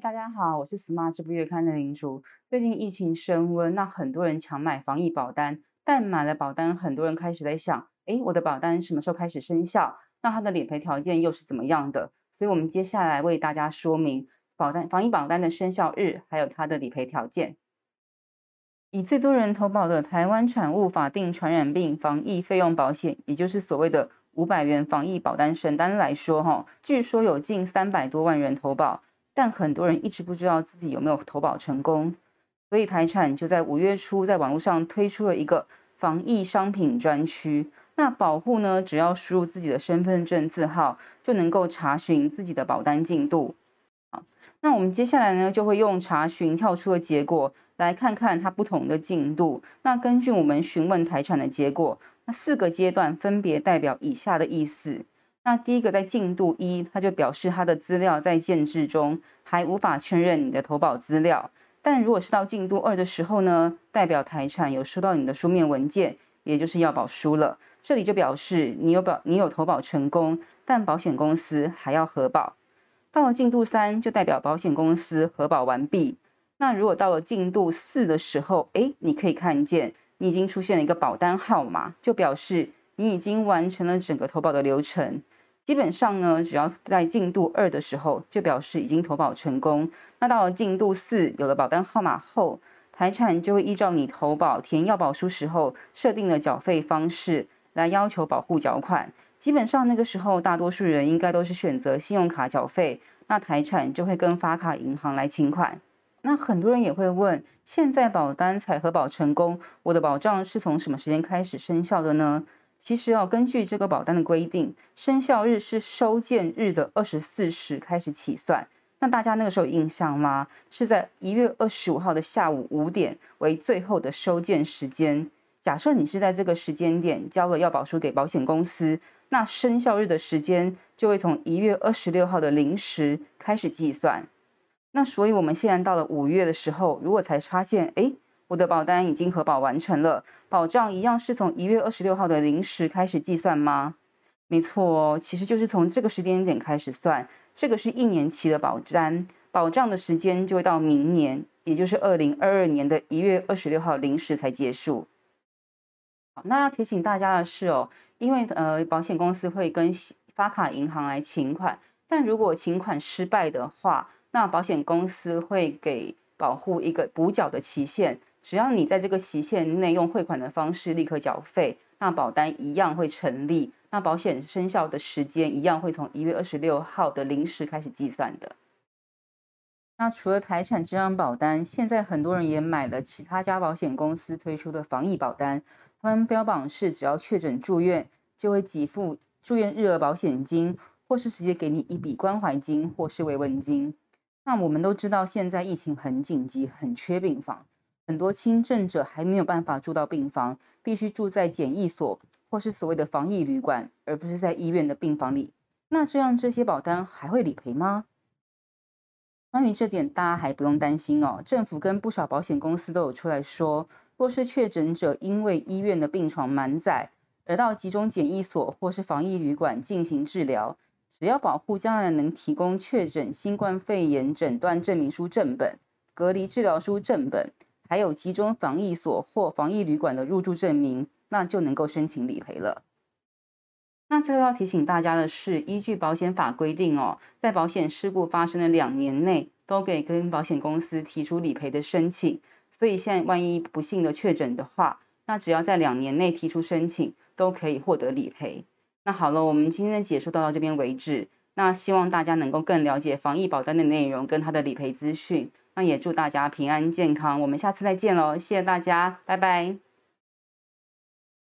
大家好，我是 Smart 智富月刊的林竹。最近疫情升溫，那很多人搶買防疫保單，但買了保單，很多人開始在想：哎，我的保單什麼時候開始生效？那它的理賠條件又是怎麼樣的？所以，我們接下來為大家說明保單防疫保單的生效日，還有它的理賠條件。以最多人投保的台灣產物法定傳染病防疫費用保險，也就是所謂的五百元防疫保單險單來說，哈，據說有近三百多萬人投保。但很多人一直不知道自己有沒有投保成功，所以台產就在五月初在網絡上推出了一個防疫商品專區。那保戶呢，只要輸入自己的身份證字號，就能夠查詢自己的保單進度。好，那我們接下來呢，就會用查詢跳出的結果，來看看它不同的進度。那根據我們詢問台產的結果，那四個階段分別代表以下的意思。那第一個在進度一，它就表示它的資料在建製中，還無法確認你的投保資料。但如果是到進度二的時候呢，代表台產有收到你的書面文件，也就是要保書了。這裡就表示你有保，你有投保成功，但保險公司還要核保。到了進度三，就代表保險公司核保完畢。那如果到了進度四的時候，誒，你可以看見你已經出現了一個保單號碼，就表示你已經完成了整個投保的流程。基本上呢，只要在進度二的時候，就表示已經投保成功。那到了進度四，有了保單號碼後，台產就會依照你投保填要保書時候設定的繳費方式來要求保護繳款。基本上那個時候，大多數人應該都是選擇信用卡繳費，那台產就會跟發卡銀行來請款。那很多人也會問，現在保單才核保成功，我的保障是從什麼時間開始生效的呢？其實要，哦，根據這個保單的規定，生效日是收件日的二十四時開始起算。那大家那個時候有印象嗎？是在一月二十五號的下午五點為最後的收件時間。假設你是在這個時間點交了要保書給保險公司，那生效日的時間就會從一月二十六號的零時開始計算。那所以我們現在到了五月的時候，如果才發現，哎。我的保單已經核保完成了，保障一樣是從一月二十六號的零時開始計算嗎？沒錯哦，其實就是從這個時間點開始算。這個是一年期的保單，保障的時間就會到明年，也就是二零二二年的一月二十六號零時才結束。好，那要提醒大家的是哦，因為呃，保險公司會跟發卡銀行來請款，但如果請款失敗的話，那保險公司會給保戶一個補繳的期限。只要你在這個期限內用匯款的方式立刻繳費，那保單一樣會成立，那保險生效的時間一樣會從一月二十六號的零時開始計算的。那除了台產這張保單，現在很多人也買了其他家保險公司推出的防疫保單，他們標榜是只要確診住院就會給付住院日額保險金，或是直接給你一筆關懷金或是慰問金。那我們都知道現在疫情很緊急，很缺病房。很多輕症者還沒有辦法住到病房，必須住在檢疫所或是所謂的防疫旅館，而不是在醫院的病房裡。那這樣這些保單還會理賠嗎？關於這點，大家還不用擔心哦。政府跟不少保險公司都有出來說，若是確診者因為醫院的病床滿載，而到集中檢疫所或是防疫旅館進行治療，只要保戶將來能提供確診新冠肺炎診斷診診證明書正本、隔離治療書正本。還有集中防疫所或防疫旅館的入住證明，那就能夠申請理賠了。那最後要提醒大家的是，依據保險法規定哦，在保險事故發生的兩年內，都可以跟保險公司提出理賠的申請。所以現在萬一不幸的確診的話，那只要在兩年內提出申請，都可以獲得理賠。那好了，我們今天的解說到到這邊為止。那希望大家能夠更了解防疫保單的內容跟它的理賠資訊。那也祝大家平安健康，我們下次再見嘍，謝謝大家，拜拜。